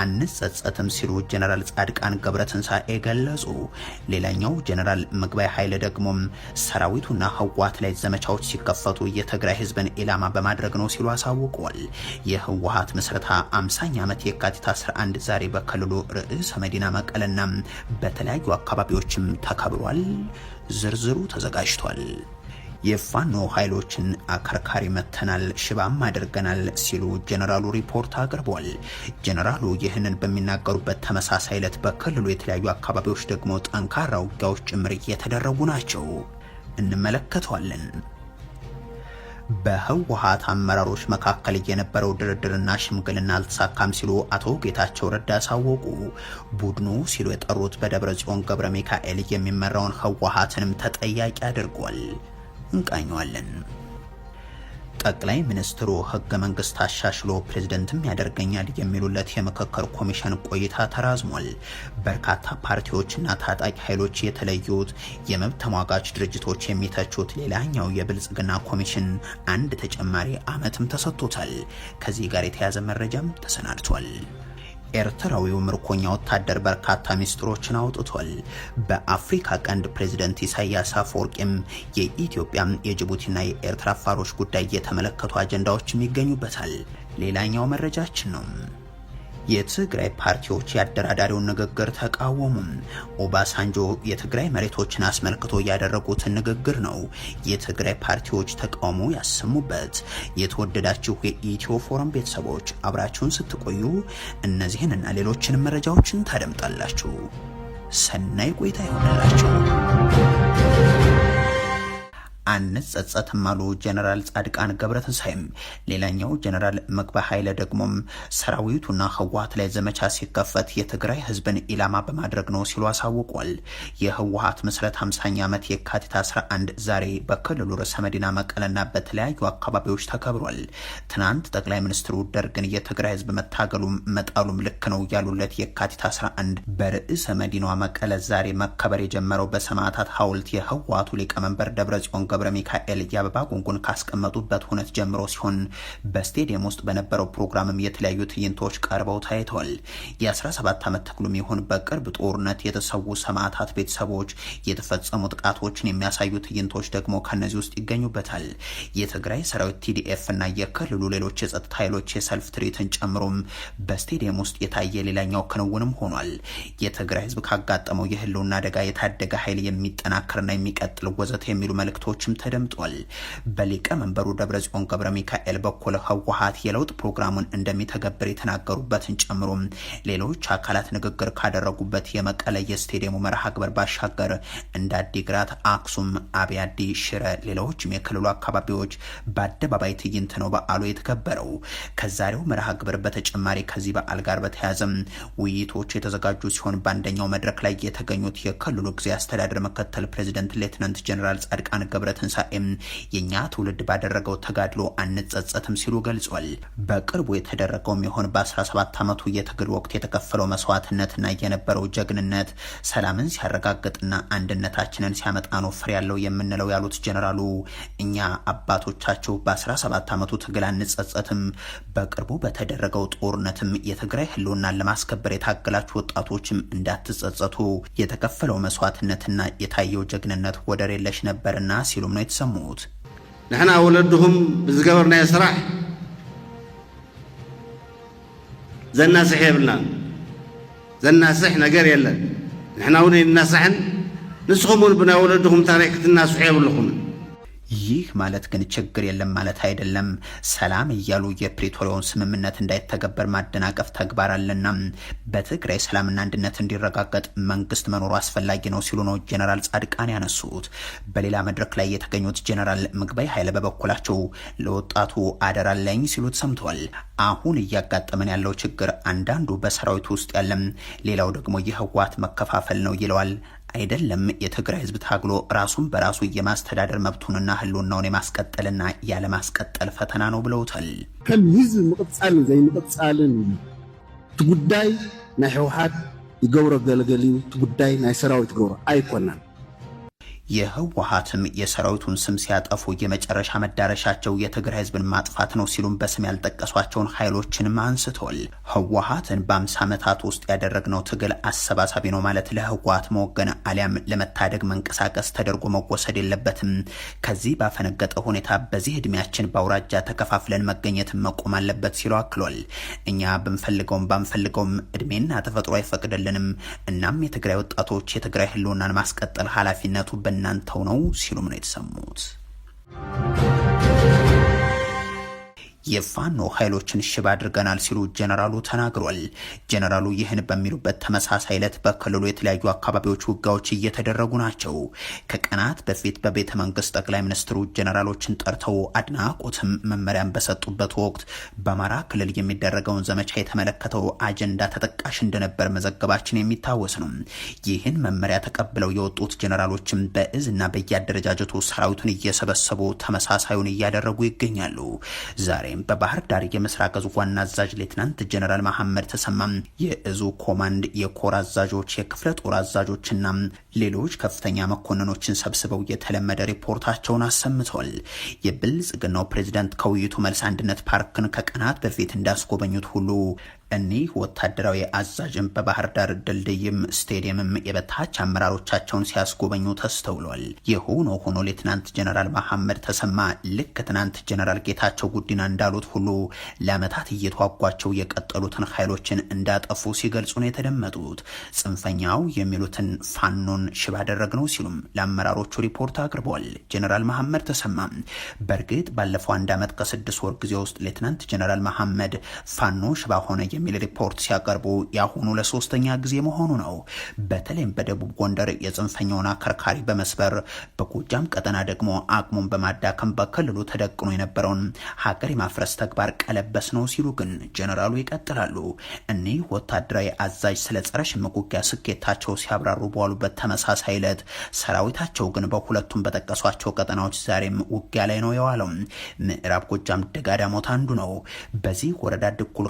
አንጸጸትም ሲሉ ጀነራል ጻድቃን ገብረትንሳኤ ገለጹ። ሌላኛው ጀነራል ምግባይ ኃይለ ደግሞም ሰራዊቱና ህወሀት ላይ ዘመቻዎች ሲከፈቱ የትግራይ ህዝብን ኢላማ በማድረግ ነው ሲሉ አሳውቋል። የህወሀት ምስረታ አምሳኛ ዓመት የካቲት 11 ዛሬ በክልሉ ርዕሰ መዲና መቀለና በተለያዩ አካባቢዎችም ተከብሯል። ዝርዝሩ ተዘጋጅቷል። የፋኖ ኃይሎችን አከርካሪ መተናል፣ ሽባም አድርገናል ሲሉ ጀነራሉ ሪፖርት አቅርቧል። ጀነራሉ ይህንን በሚናገሩበት ተመሳሳይ ዕለት በክልሉ የተለያዩ አካባቢዎች ደግሞ ጠንካራ ውጊያዎች ጭምር እየተደረጉ ናቸው። እንመለከተዋለን። በህወሓት አመራሮች መካከል የነበረው ድርድርና ሽምግልና አልተሳካም ሲሉ አቶ ጌታቸው ረዳ አሳወቁ። ቡድኑ ሲሉ የጠሩት በደብረ ጽዮን ገብረ ሚካኤል የሚመራውን ህወሓትንም ተጠያቂ አድርጓል። እንቃኘዋለን። ጠቅላይ ሚኒስትሩ ህገ መንግስት አሻሽሎ ፕሬዝደንትም ያደርገኛል የሚሉለት የምክክር ኮሚሽን ቆይታ ተራዝሟል። በርካታ ፓርቲዎችና ታጣቂ ኃይሎች የተለዩት፣ የመብት ተሟጋች ድርጅቶች የሚተቹት ሌላኛው የብልጽግና ኮሚሽን አንድ ተጨማሪ አመትም ተሰጥቶታል። ከዚህ ጋር የተያዘ መረጃም ተሰናድቷል። ኤርትራዊው ምርኮኛ ወታደር በርካታ ሚስጥሮችን አውጥቷል። በአፍሪካ ቀንድ ፕሬዝደንት ኢሳያስ አፈወርቂም የኢትዮጵያ የጅቡቲና የኤርትራ አፋሮች ጉዳይ የተመለከቱ አጀንዳዎችም ይገኙበታል። ሌላኛው መረጃችን ነው። የትግራይ ፓርቲዎች የአደራዳሪውን ንግግር ተቃወሙ። ኦባሳንጆ የትግራይ መሬቶችን አስመልክቶ ያደረጉትን ንግግር ነው የትግራይ ፓርቲዎች ተቃውሞ ያሰሙበት። የተወደዳችሁ የኢትዮ ፎረም ቤተሰቦች አብራችሁን ስትቆዩ እነዚህን እና ሌሎችንም መረጃዎችን ታደምጣላችሁ። ሰናይ ቆይታ ይሆንላችሁ። አንጸጸትም አሉ ጀነራል ጻድቃን ገብረትንሳኤም። ሌላኛው ጀነራል መግባ ኃይለ ደግሞም ሰራዊቱና ህወሀት ላይ ዘመቻ ሲከፈት የትግራይ ህዝብን ኢላማ በማድረግ ነው ሲሉ አሳውቋል። የህወሀት ምስረት 50ኛ ዓመት የካቲት 11 ዛሬ በክልሉ ርዕሰ መዲና መቀለና በተለያዩ አካባቢዎች ተከብሯል። ትናንት ጠቅላይ ሚኒስትሩ ደርግን የትግራይ ህዝብ መታገሉም መጣሉም ልክ ነው ያሉለት የካቲት 11 በርዕሰ መዲናዋ መቀለ ዛሬ መከበር የጀመረው በሰማዕታት ሐውልት የህወሀቱ ሊቀመንበር ደብረጽዮን ገብረ ሚካኤል የአበባ ጉንጉን ካስቀመጡበት ሁነት ጀምሮ ሲሆን በስቴዲየም ውስጥ በነበረው ፕሮግራምም የተለያዩ ትዕይንቶች ቀርበው ታይተዋል። የ17 ዓመት ተክሉ ይሁን በቅርብ ጦርነት የተሰዉ ሰማዕታት ቤተሰቦች የተፈጸሙ ጥቃቶችን የሚያሳዩ ትዕይንቶች ደግሞ ከነዚህ ውስጥ ይገኙበታል። የትግራይ ሰራዊት ቲዲኤፍ እና የክልሉ ሌሎች የጸጥታ ኃይሎች የሰልፍ ትርኢትን ጨምሮም በስቴዲየም ውስጥ የታየ ሌላኛው ክንውንም ሆኗል። የትግራይ ህዝብ ካጋጠመው የህልውና አደጋ የታደገ ኃይል የሚጠናክርና የሚቀጥል ወዘት የሚሉ መልእክቶች መግለጫዎችም ተደምጧል። በሊቀመንበሩ ደብረጽዮን ገብረ ሚካኤል በኩል ህወሀት የለውጥ ፕሮግራሙን እንደሚተገብር የተናገሩበትን ጨምሮ ሌሎች አካላት ንግግር ካደረጉበት የመቀለ የስቴዲየሙ መርሃ ግብር ባሻገር እንደ አዲግራት፣ አክሱም፣ አብያዲ፣ ሽረ ሌሎችም የክልሉ አካባቢዎች በአደባባይ ትዕይንት ነው በዓሉ የተከበረው። ከዛሬው መርሃ ግብር በተጨማሪ ከዚህ በዓል ጋር በተያያዘም ውይይቶች የተዘጋጁ ሲሆን በአንደኛው መድረክ ላይ የተገኙት የክልሉ ጊዜ አስተዳደር ምክትል ፕሬዚደንት ሌትናንት ጀኔራል ጻድቃን ገብረ ትንሣኤም የእኛ ትውልድ ባደረገው ተጋድሎ አንጸጸትም ሲሉ ገልጿል። በቅርቡ የተደረገውም ይሆን በ17 ዓመቱ የትግል ወቅት የተከፈለው መስዋዕትነትና የነበረው ጀግንነት ሰላምን ሲያረጋግጥና አንድነታችንን ሲያመጣ ነው ፍሬ ያለው የምንለው ያሉት ጀኔራሉ እኛ አባቶቻቸው በ17 ዓመቱ ትግል አንጸጸትም፣ በቅርቡ በተደረገው ጦርነትም የትግራይ ህልውናን ለማስከበር የታገላችሁ ወጣቶችም እንዳትጸጸቱ የተከፈለው መስዋዕትነትና የታየው ጀግንነት ወደር የለሽ ነበርና ሲ ሲሉም ነው የተሰሙት። ንሕና ወለድኹም ብዝገበርናዮ ስራሕ ዘናስሕ የብልና ዘናስሕ ነገር የለን ንሕና እውን የናስሕን ንስኹም እውን ብናይ ወለድኹም ታሪክ ክትናስሑ የብልኹምን ይህ ማለት ግን ችግር የለም ማለት አይደለም። ሰላም እያሉ የፕሪቶሪያውን ስምምነት እንዳይተገበር ማደናቀፍ ተግባር አለና በትግራይ ሰላምና አንድነት እንዲረጋገጥ መንግስት መኖሩ አስፈላጊ ነው ሲሉ ነው ጀነራል ጻድቃን ያነሱት። በሌላ መድረክ ላይ የተገኙት ጀነራል ምግባይ ኃይለ በበኩላቸው ለወጣቱ አደራለኝ ሲሉት ሰምተዋል። አሁን እያጋጠመን ያለው ችግር አንዳንዱ በሰራዊቱ ውስጥ ያለም፣ ሌላው ደግሞ የህወሓት መከፋፈል ነው ይለዋል አይደለም የትግራይ ህዝብ ታግሎ ራሱን በራሱ የማስተዳደር መብቱንና ህልውናውን የማስቀጠልና ያለማስቀጠል ፈተና ነው ብለውታል። ከም ህዝብ ምቅፃልን ዘይምቅፃልን እቲ ጉዳይ ናይ ህወሓት ይገብሮ ገለገሊ እቲ ጉዳይ ናይ ሰራዊት ገብሮ ኣይኮናን የህወሀትም የሰራዊቱን ስም ሲያጠፉ የመጨረሻ መዳረሻቸው የትግራይ ህዝብን ማጥፋት ነው ሲሉም በስም ያልጠቀሷቸውን ኃይሎችንም አንስቷል። ህወሀትን በአምሳ ዓመታት ውስጥ ያደረግነው ትግል አሰባሳቢ ነው ማለት ለህወሀት መወገን አሊያም ለመታደግ መንቀሳቀስ ተደርጎ መወሰድ የለበትም። ከዚህ ባፈነገጠ ሁኔታ በዚህ እድሜያችን በአውራጃ ተከፋፍለን መገኘት መቆም አለበት ሲሉ አክሏል። እኛ ብንፈልገውም ባንፈልገውም እድሜና ተፈጥሮ አይፈቅድልንም። እናም የትግራይ ወጣቶች የትግራይ ህልውናን ማስቀጠል ኃላፊነቱ በ የእናንተው ነው ሲሉም ነው የተሰሙት። የፋኖ ኃይሎችን ሽባ አድርገናል ሲሉ ጀነራሉ ተናግሯል። ጀነራሉ ይህን በሚሉበት ተመሳሳይ ዕለት በክልሉ የተለያዩ አካባቢዎች ውጋዎች እየተደረጉ ናቸው። ከቀናት በፊት በቤተ መንግስት ጠቅላይ ሚኒስትሩ ጀነራሎችን ጠርተው አድናቆትም መመሪያን በሰጡበት ወቅት በአማራ ክልል የሚደረገውን ዘመቻ የተመለከተው አጀንዳ ተጠቃሽ እንደነበር መዘገባችን የሚታወስ ነው። ይህን መመሪያ ተቀብለው የወጡት ጀነራሎችም በእዝና በየአደረጃጀቱ ሰራዊቱን እየሰበሰቡ ተመሳሳዩን እያደረጉ ይገኛሉ ዛሬ በተለይም በባህር ዳር የምስራቅ እዙ ዋና አዛዥ ሌትናንት ጀነራል መሐመድ ተሰማ የእዙ ኮማንድ የኮር አዛዦች፣ የክፍለ ጦር አዛዦችና ሌሎች ከፍተኛ መኮንኖችን ሰብስበው የተለመደ ሪፖርታቸውን አሰምተዋል። የብልጽግናው ፕሬዚዳንት ከውይይቱ መልስ አንድነት ፓርክን ከቀናት በፊት እንዳስጎበኙት ሁሉ እኒህ ወታደራዊ አዛዥም በባህር ዳር ድልድይም ስቴዲየምም የበታች አመራሮቻቸውን ሲያስጎበኙ ተስተውሏል። የሆኖ ሆኖ ሌትናንት ጀነራል መሐመድ ተሰማ ልክ ትናንት ጀነራል ጌታቸው ጉዲና እንዳሉት ሁሉ ለአመታት እየተዋጓቸው የቀጠሉትን ኃይሎችን እንዳጠፉ ሲገልጹ ነው የተደመጡት። ጽንፈኛው የሚሉትን ፋኖን ሽባ ነው ሲሉም ለአመራሮቹ ሪፖርት አቅርቧል። ጀነራል መሐመድ ተሰማ በእርግጥ ባለፈው አንድ ዓመት ከስድስት ወር ጊዜ ውስጥ ሌትናንት ጀነራል መሐመድ ፋኖ ሽባ ሆነ የሚል ሪፖርት ሲያቀርቡ የአሁኑ ለሶስተኛ ጊዜ መሆኑ ነው። በተለይም በደቡብ ጎንደር የጽንፈኛውን አከርካሪ በመስበር በጎጃም ቀጠና ደግሞ አቅሙን በማዳከም በክልሉ ተደቅኖ የነበረውን ሀገር የማፍረስ ተግባር ቀለበስ ነው ሲሉ ግን ጀኔራሉ ይቀጥላሉ። እኒህ ወታደራዊ አዛዥ ስለ ጸረ ሽምቅ ውጊያ ስኬታቸው ሲያብራሩ በዋሉበት ተመሳሳይ ዕለት ሰራዊታቸው ግን በሁለቱም በጠቀሷቸው ቀጠናዎች ዛሬም ውጊያ ላይ ነው የዋለው። ምዕራብ ጎጃም ደጋዳሞት አንዱ ነው። በዚህ ወረዳ ድኩል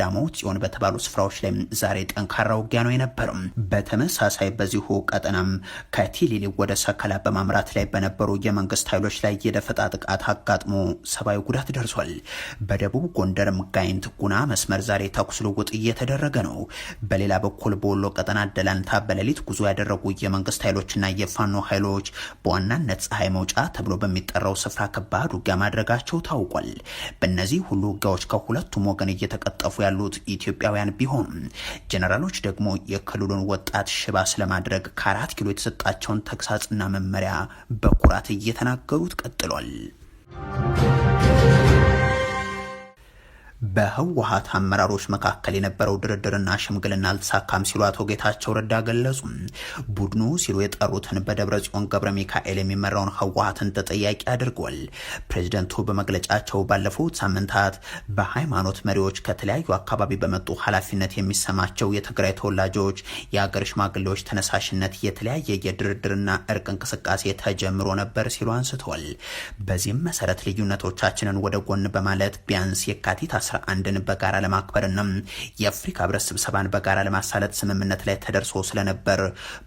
ዳሞ ሞት ሲሆን በተባሉ ስፍራዎች ላይ ዛሬ ጠንካራ ውጊያ ነው የነበረው። በተመሳሳይ በዚሁ ቀጠናም ከቲሊሊ ወደ ሰከላ በማምራት ላይ በነበሩ የመንግስት ኃይሎች ላይ የደፈጣ ጥቃት አጋጥሞ ሰብአዊ ጉዳት ደርሷል። በደቡብ ጎንደርም ጋይንት ጉና መስመር ዛሬ ተኩስ ልውውጥ እየተደረገ ነው። በሌላ በኩል በወሎ ቀጠና ደላንታ በሌሊት ጉዞ ያደረጉ የመንግስት ኃይሎችና የፋኖ ኃይሎች በዋናነት ፀሐይ መውጫ ተብሎ በሚጠራው ስፍራ ከባድ ውጊያ ማድረጋቸው ታውቋል። በእነዚህ ሁሉ ውጊያዎች ከሁለቱም ወገን እየተቀጠፉ ያሉ የሚሰሩት ኢትዮጵያውያን ቢሆን ጀነራሎች ደግሞ የክልሉን ወጣት ሽባ ስለማድረግ ከአራት ኪሎ የተሰጣቸውን ተግሳጽና መመሪያ በኩራት እየተናገሩት ቀጥሏል። በህወሀት አመራሮች መካከል የነበረው ድርድርና ሽምግልና አልተሳካም ሲሉ አቶ ጌታቸው ረዳ ገለጹ። ቡድኑ ሲሉ የጠሩትን በደብረ ጽዮን ገብረ ሚካኤል የሚመራውን ህወሀትን ተጠያቂ አድርጓል። ፕሬዚደንቱ በመግለጫቸው ባለፉት ሳምንታት በሃይማኖት መሪዎች፣ ከተለያዩ አካባቢ በመጡ ኃላፊነት የሚሰማቸው የትግራይ ተወላጆች፣ የአገር ሽማግሌዎች ተነሳሽነት የተለያየ የድርድርና እርቅ እንቅስቃሴ ተጀምሮ ነበር ሲሉ አንስተዋል። በዚህም መሰረት ልዩነቶቻችንን ወደ ጎን በማለት ቢያንስ የካቲት 11ን በጋራ ለማክበርና የአፍሪካ ህብረት ስብሰባን በጋራ ለማሳለጥ ስምምነት ላይ ተደርሶ ስለነበር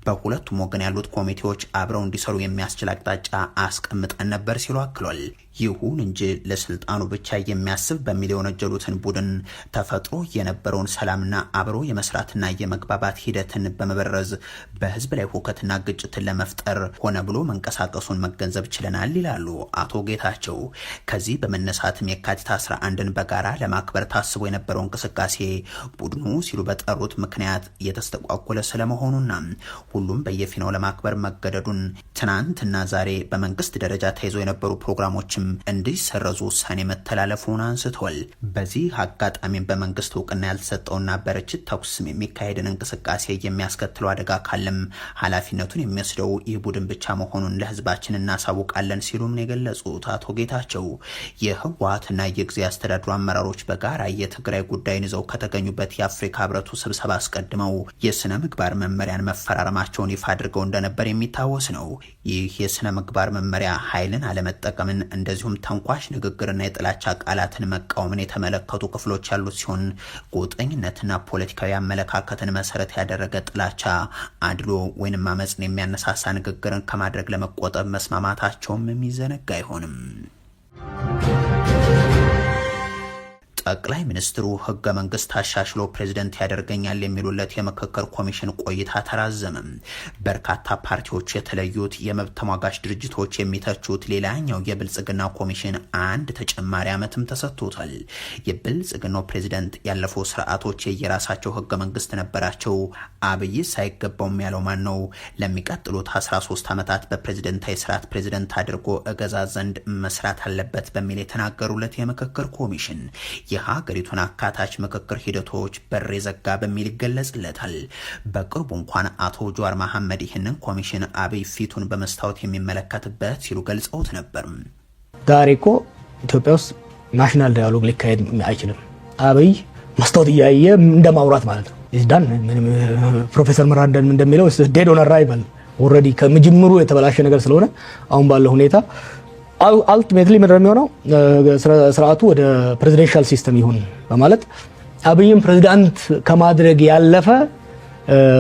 በሁለቱም ወገን ያሉት ኮሚቴዎች አብረው እንዲሰሩ የሚያስችል አቅጣጫ አስቀምጠን ነበር ሲሉ አክሏል። ይሁን እንጂ ለስልጣኑ ብቻ የሚያስብ በሚል የወነጀሉትን ቡድን ተፈጥሮ የነበረውን ሰላምና አብሮ የመስራትና የመግባባት ሂደትን በመበረዝ በህዝብ ላይ ሁከትና ግጭትን ለመፍጠር ሆነ ብሎ መንቀሳቀሱን መገንዘብ ችለናል ይላሉ አቶ ጌታቸው። ከዚህ በመነሳትም የካቲት 11ን በጋራ ለማክበር ታስቦ የነበረው እንቅስቃሴ ቡድኑ ሲሉ በጠሩት ምክንያት እየተስተጓጎለ ስለመሆኑና ሁሉም በየፊናው ለማክበር መገደዱን ትናንትና ዛሬ በመንግስት ደረጃ ተይዞ የነበሩ ፕሮግራሞችን ሪፖርቶችም እንዲሰረዙ ውሳኔ መተላለፉን አንስተዋል። በዚህ አጋጣሚም በመንግስት እውቅና ያልተሰጠውና በርችት ተኩስም የሚካሄድን እንቅስቃሴ የሚያስከትለው አደጋ ካለም ኃላፊነቱን የሚወስደው ይህ ቡድን ብቻ መሆኑን ለህዝባችን እናሳውቃለን ሲሉም ነው የገለጹት። አቶ ጌታቸው የህወሓትና የጊዜ አስተዳድሩ አመራሮች በጋራ የትግራይ ጉዳይን ይዘው ከተገኙበት የአፍሪካ ህብረቱ ስብሰባ አስቀድመው የስነ ምግባር መመሪያን መፈራረማቸውን ይፋ አድርገው እንደነበር የሚታወስ ነው። ይህ የስነ ምግባር መመሪያ ኃይልን አለመጠቀምን እንደ እንደዚሁም ተንኳሽ ንግግርና የጥላቻ ቃላትን መቃወምን የተመለከቱ ክፍሎች ያሉት ሲሆን ጎጠኝነትና ፖለቲካዊ አመለካከትን መሰረት ያደረገ ጥላቻ፣ አድሎ ወይንም አመፅን የሚያነሳሳ ንግግርን ከማድረግ ለመቆጠብ መስማማታቸውም የሚዘነጋ አይሆንም። ጠቅላይ ሚኒስትሩ ህገ መንግስት አሻሽሎ ፕሬዚደንት ያደርገኛል የሚሉለት የምክክር ኮሚሽን ቆይታ ተራዘመም። በርካታ ፓርቲዎች የተለዩት፣ የመብት ተሟጋች ድርጅቶች የሚተቹት ሌላኛው የብልጽግና ኮሚሽን አንድ ተጨማሪ ዓመትም ተሰጥቶታል። የብልጽግናው ፕሬዚደንት ያለፉ ስርዓቶች የየራሳቸው ህገ መንግስት ነበራቸው። አብይ ሳይገባውም ያለው ማን ነው? ለሚቀጥሉት 13 ዓመታት በፕሬዚደንታዊ ስርዓት ፕሬዚደንት አድርጎ እገዛ ዘንድ መስራት አለበት በሚል የተናገሩለት የምክክር ኮሚሽን የሀገሪቱን አካታች ምክክር ሂደቶች በር የዘጋ በሚል ይገለጽለታል። በቅርቡ እንኳን አቶ ጀዋር መሐመድ ይህንን ኮሚሽን አብይ ፊቱን በመስታወት የሚመለከትበት ሲሉ ገልጸውት ነበር። ዛሬ እኮ ኢትዮጵያ ውስጥ ናሽናል ዳያሎግ ሊካሄድ አይችልም። አብይ መስታወት እያየ እንደ ማውራት ማለት ነው። ዳን ፕሮፌሰር መራንደን እንደሚለው ዴድ ኦን አራይቫል ኦልሬዲ ከመጀመሩ የተበላሸ ነገር ስለሆነ አሁን ባለው ሁኔታ አልቲሜትሊ ምንድን ነው የሚሆነው? ስርዓቱ ወደ ፕሬዚደንሻል ሲስተም ይሁን በማለት አብይም ፕሬዚዳንት ከማድረግ ያለፈ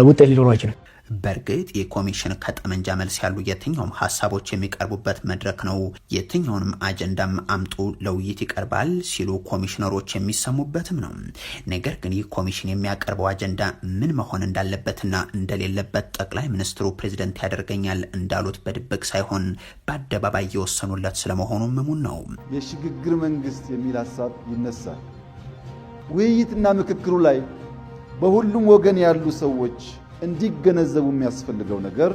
ውጤት ሊኖረው አይችልም። በእርግጥ የኮሚሽን ከጠመንጃ መልስ ያሉ የትኛውም ሀሳቦች የሚቀርቡበት መድረክ ነው፣ የትኛውንም አጀንዳም አምጡ ለውይይት ይቀርባል ሲሉ ኮሚሽነሮች የሚሰሙበትም ነው። ነገር ግን ይህ ኮሚሽን የሚያቀርበው አጀንዳ ምን መሆን እንዳለበትና እንደሌለበት ጠቅላይ ሚኒስትሩ ፕሬዚደንት ያደርገኛል እንዳሉት በድብቅ ሳይሆን በአደባባይ የወሰኑለት ስለመሆኑ ምሙን ነው። የሽግግር መንግስት የሚል ሀሳብ ይነሳል። ውይይትና ምክክሩ ላይ በሁሉም ወገን ያሉ ሰዎች እንዲገነዘቡ የሚያስፈልገው ነገር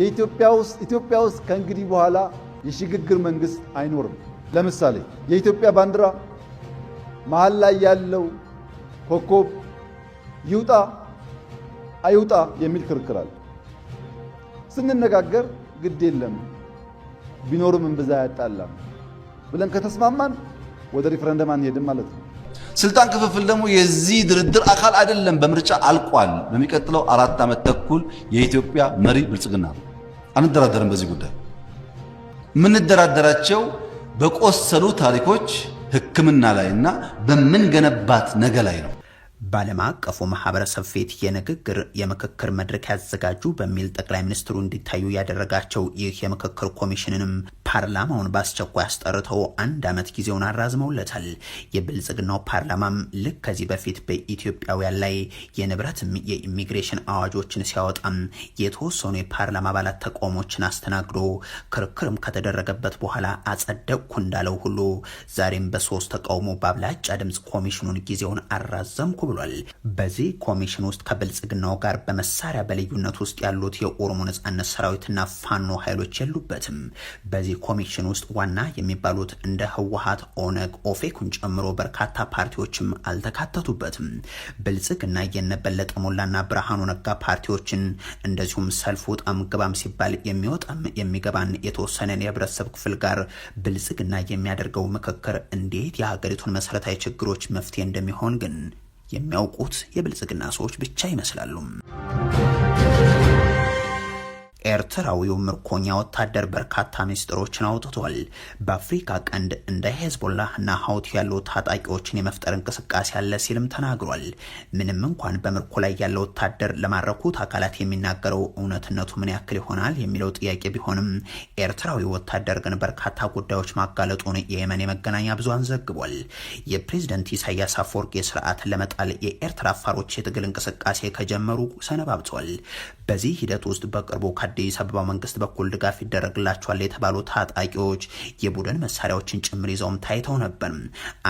የኢትዮጵያ ውስጥ ኢትዮጵያ ውስጥ ከእንግዲህ በኋላ የሽግግር መንግስት አይኖርም። ለምሳሌ የኢትዮጵያ ባንዲራ መሀል ላይ ያለው ኮከብ ይውጣ አይውጣ የሚል ክርክር አለ። ስንነጋገር ግድ የለም ቢኖርም እምብዛ አያጣላም ብለን ከተስማማን ወደ ሪፍረንደም አንሄድም ማለት ነው። ስልጣን ክፍፍል ደግሞ የዚህ ድርድር አካል አይደለም። በምርጫ አልቋል። በሚቀጥለው አራት ዓመት ተኩል የኢትዮጵያ መሪ ብልጽግና ነው። አንደራደርም። በዚህ ጉዳይ የምንደራደራቸው በቆሰሉ ታሪኮች ሕክምና ላይ እና በምንገነባት ነገ ላይ ነው። በዓለም አቀፉ ማህበረሰብ ፊት የንግግር የምክክር መድረክ ያዘጋጁ በሚል ጠቅላይ ሚኒስትሩ እንዲታዩ ያደረጋቸው ይህ የምክክር ኮሚሽንንም ፓርላማውን በአስቸኳይ አስጠርተው አንድ ዓመት ጊዜውን አራዝመውለታል። የብልጽግናው ፓርላማም ልክ ከዚህ በፊት በኢትዮጵያውያን ላይ የንብረትም የኢሚግሬሽን አዋጆችን ሲያወጣም የተወሰኑ የፓርላማ አባላት ተቃውሞችን አስተናግዶ ክርክርም ከተደረገበት በኋላ አጸደቅኩ እንዳለው ሁሉ ዛሬም በሶስት ተቃውሞ በአብላጫ ድምፅ ኮሚሽኑን ጊዜውን አራዘምኩ ብሏል። በዚህ ኮሚሽን ውስጥ ከብልጽግናው ጋር በመሳሪያ በልዩነት ውስጥ ያሉት የኦሮሞ ነጻነት ሰራዊትና ፋኖ ኃይሎች የሉበትም። በዚህ ኮሚሽን ውስጥ ዋና የሚባሉት እንደ ህወሀት፣ ኦነግ፣ ኦፌኩን ጨምሮ በርካታ ፓርቲዎችም አልተካተቱበትም። ብልጽግና የነበለጠ ሞላና ብርሃኑ ነጋ ፓርቲዎችን እንደዚሁም ሰልፍ ውጣም ግባም ሲባል የሚወጣም የሚገባን የተወሰነን የህብረተሰብ ክፍል ጋር ብልጽግና የሚያደርገው ምክክር እንዴት የሀገሪቱን መሰረታዊ ችግሮች መፍትሄ እንደሚሆን ግን የሚያውቁት የብልጽግና ሰዎች ብቻ ይመስላሉ። ኤርትራዊው ምርኮኛ ወታደር በርካታ ሚስጥሮችን አውጥቷል። በአፍሪካ ቀንድ እንደ ሄዝቦላህና ሀውት ያሉ ታጣቂዎችን የመፍጠር እንቅስቃሴ አለ ሲልም ተናግሯል። ምንም እንኳን በምርኮ ላይ ያለ ወታደር ለማረኩት አካላት የሚናገረው እውነትነቱ ምን ያክል ይሆናል የሚለው ጥያቄ ቢሆንም ኤርትራዊ ወታደር ግን በርካታ ጉዳዮች ማጋለጡን የየመን የመገናኛ ብዙሃን ዘግቧል። የፕሬዝደንት ኢሳያስ አፈወርቂ ስርዓት ለመጣል የኤርትራ አፋሮች የትግል እንቅስቃሴ ከጀመሩ ሰነባብቷል። በዚህ ሂደት ውስጥ በቅርቡ አዲስ አበባ መንግስት በኩል ድጋፍ ይደረግላቸዋል የተባሉ ታጣቂዎች የቡድን መሳሪያዎችን ጭምር ይዘውም ታይተው ነበር።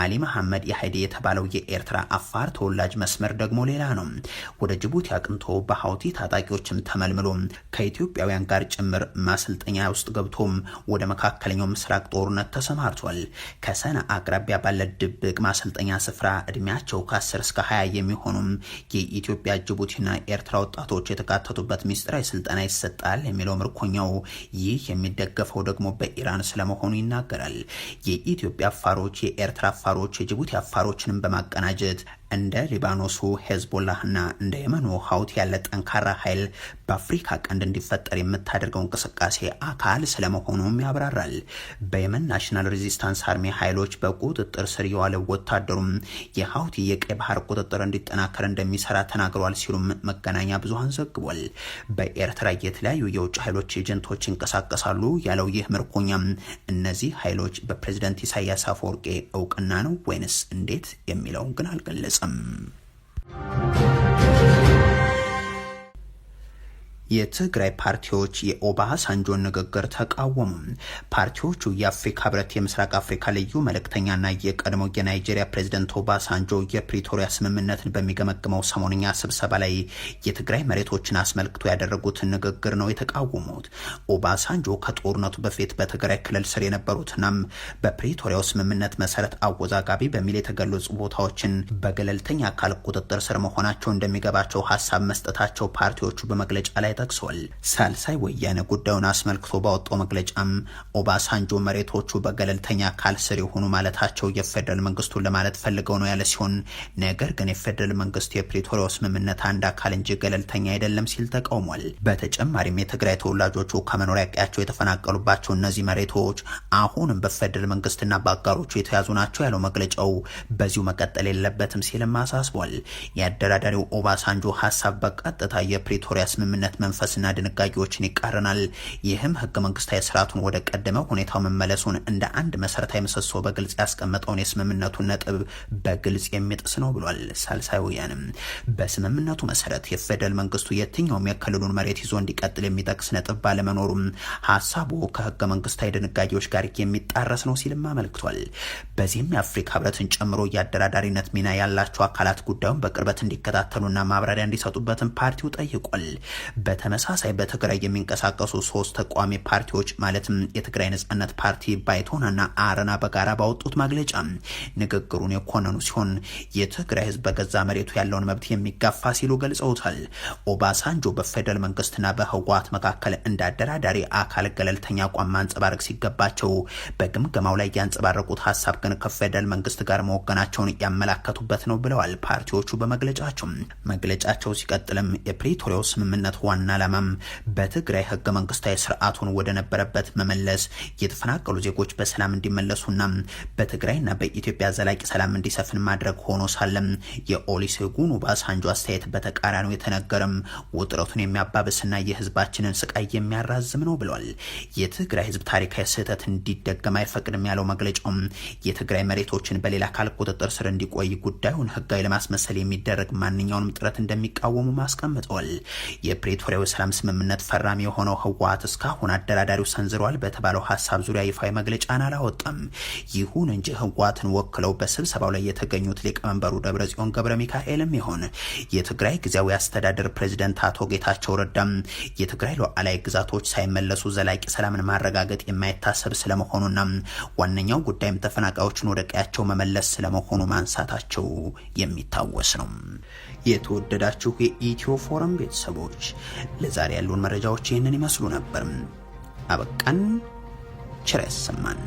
አሊ መሐመድ የሀይዴ የተባለው የኤርትራ አፋር ተወላጅ መስመር ደግሞ ሌላ ነው። ወደ ጅቡቲ አቅንቶ በሀውቲ ታጣቂዎችም ተመልምሎ ከኢትዮጵያውያን ጋር ጭምር ማሰልጠኛ ውስጥ ገብቶም ወደ መካከለኛው ምስራቅ ጦርነት ተሰማርቷል። ከሰነ አቅራቢያ ባለ ድብቅ ማሰልጠኛ ስፍራ እድሜያቸው ከ10 እስከ 20 የሚሆኑም የኢትዮጵያ ጅቡቲና ኤርትራ ወጣቶች የተካተቱበት ሚስጥራዊ ስልጠና ይሰጣል ይመጣል የሚለው ምርኮኛው ይህ የሚደገፈው ደግሞ በኢራን ስለመሆኑ ይናገራል። የኢትዮጵያ አፋሮች፣ የኤርትራ አፋሮች፣ የጅቡቲ አፋሮችንም በማቀናጀት እንደ ሊባኖሱ ሄዝቦላህና እንደ የመኑ ሀውት ያለ ጠንካራ ኃይል በአፍሪካ ቀንድ እንዲፈጠር የምታደርገው እንቅስቃሴ አካል ስለመሆኑም ያብራራል። በየመን ናሽናል ሬዚስታንስ አርሚ ኃይሎች በቁጥጥር ስር የዋለው ወታደሩም የሀውቲ የቀይ ባህር ቁጥጥር እንዲጠናከር እንደሚሰራ ተናግሯል ሲሉም መገናኛ ብዙሀን ዘግቧል። በኤርትራ የተለያዩ የውጭ ኃይሎች ኤጀንቶች ይንቀሳቀሳሉ ያለው ይህ ምርኮኛም እነዚህ ኃይሎች በፕሬዝደንት ኢሳያስ አፈወርቄ እውቅና ነው ወይንስ እንዴት የሚለውን ግን አልገለጸም። የትግራይ ፓርቲዎች የኦባ ሳንጆን ንግግር ተቃወሙ። ፓርቲዎቹ የአፍሪካ ህብረት የምስራቅ አፍሪካ ልዩ መልእክተኛና የቀድሞ የናይጄሪያ ፕሬዚደንት ኦባ ሳንጆ የፕሪቶሪያ ስምምነትን በሚገመግመው ሰሞንኛ ስብሰባ ላይ የትግራይ መሬቶችን አስመልክቶ ያደረጉትን ንግግር ነው የተቃወሙት። ኦባ ሳንጆ ከጦርነቱ በፊት በትግራይ ክልል ስር የነበሩትናም በፕሪቶሪያው ስምምነት መሰረት አወዛጋቢ በሚል የተገለጹ ቦታዎችን በገለልተኛ አካል ቁጥጥር ስር መሆናቸው እንደሚገባቸው ሀሳብ መስጠታቸው ፓርቲዎቹ በመግለጫ ላይ ተጠቅሷል። ሳልሳይ ወያነ ጉዳዩን አስመልክቶ ባወጣው መግለጫም ኦባሳንጆ መሬቶቹ በገለልተኛ አካል ስር የሆኑ ማለታቸው የፌደራል መንግስቱን ለማለት ፈልገው ነው ያለ ሲሆን ነገር ግን የፌደራል መንግስቱ የፕሪቶሪያው ስምምነት አንድ አካል እንጂ ገለልተኛ አይደለም ሲል ተቃውሟል። በተጨማሪም የትግራይ ተወላጆቹ ከመኖሪያ ቀያቸው የተፈናቀሉባቸው እነዚህ መሬቶች አሁንም በፌደራል መንግስትና በአጋሮቹ የተያዙ ናቸው ያለው መግለጫው በዚሁ መቀጠል የለበትም ሲልም አሳስቧል። የአደራዳሪው ኦባሳንጆ ሀሳብ በቀጥታ የፕሪቶሪያ ስምምነት መንፈስና ድንጋጌዎችን ይቃረናል። ይህም ህገ መንግስታዊ ስርዓቱን ወደ ቀደመው ሁኔታው መመለሱን እንደ አንድ መሰረታዊ ምሰሶ በግልጽ ያስቀመጠውን የስምምነቱን ነጥብ በግልጽ የሚጥስ ነው ብሏል። ሳልሳይ ወያንም በስምምነቱ መሰረት የፌደራል መንግስቱ የትኛውም የክልሉን መሬት ይዞ እንዲቀጥል የሚጠቅስ ነጥብ ባለመኖሩም ሀሳቡ ከህገ መንግስታዊ ድንጋጌዎች ጋር የሚጣረስ ነው ሲልም አመልክቷል። በዚህም የአፍሪካ ህብረትን ጨምሮ የአደራዳሪነት ሚና ያላቸው አካላት ጉዳዩን በቅርበት እንዲከታተሉና ማብራሪያ እንዲሰጡበትም ፓርቲው ጠይቋል። በተመሳሳይ በትግራይ የሚንቀሳቀሱ ሶስት ተቋሚ ፓርቲዎች ማለትም የትግራይ ነጻነት ፓርቲ፣ ባይቶናና አረና በጋራ ባወጡት መግለጫ ንግግሩን የኮነኑ ሲሆን የትግራይ ህዝብ በገዛ መሬቱ ያለውን መብት የሚጋፋ ሲሉ ገልጸውታል። ኦባሳንጆ በፌደራል መንግስትና በህወሓት መካከል እንደ አደራዳሪ አካል ገለልተኛ አቋም ማንጸባረቅ ሲገባቸው በግምገማው ላይ ያንጸባረቁት ሀሳብ ግን ከፌደራል መንግስት ጋር መወገናቸውን ያመላከቱበት ነው ብለዋል ፓርቲዎቹ በመግለጫቸው። መግለጫቸው ሲቀጥልም የፕሪቶሪያው ስምምነት ዋና ዋና ዓላማም በትግራይ ህገ መንግስታዊ ስርዓቱን ወደነበረበት መመለስ፣ የተፈናቀሉ ዜጎች በሰላም እንዲመለሱና በትግራይና በኢትዮጵያ ዘላቂ ሰላም እንዲሰፍን ማድረግ ሆኖ ሳለም የኦሊሴጉን ኦባሳንጆ አስተያየት በተቃራኒው የተነገረም ውጥረቱን የሚያባብስና የህዝባችንን ስቃይ የሚያራዝም ነው ብሏል። የትግራይ ህዝብ ታሪካዊ ስህተት እንዲደገም አይፈቅድም ያለው መግለጫውም የትግራይ መሬቶችን በሌላ አካል ቁጥጥር ስር እንዲቆይ ጉዳዩን ህጋዊ ለማስመሰል የሚደረግ ማንኛውንም ጥረት እንደሚቃወሙ ማስቀምጠዋል። የፕሬቶ የፕሪቶሪያው የሰላም ስምምነት ፈራሚ የሆነው ህወሓት እስካሁን አደራዳሪው ሰንዝሯል በተባለው ሀሳብ ዙሪያ ይፋዊ መግለጫን አላወጣም። ይሁን እንጂ ህወሓትን ወክለው በስብሰባው ላይ የተገኙት ሊቀመንበሩ ደብረጽዮን ገብረ ሚካኤልም ይሆን የትግራይ ጊዜያዊ አስተዳደር ፕሬዚደንት አቶ ጌታቸው ረዳም የትግራይ ሉዓላዊ ግዛቶች ሳይመለሱ ዘላቂ ሰላምን ማረጋገጥ የማይታሰብ ስለመሆኑና ዋነኛው ጉዳይም ተፈናቃዮችን ወደ ቀያቸው መመለስ ስለመሆኑ ማንሳታቸው የሚታወስ ነው። የተወደዳችሁ የኢትዮ ፎረም ቤተሰቦች ለዛሬ ያሉን መረጃዎች ይህንን ይመስሉ ነበር። አበቃን። ቸር ያሰማን።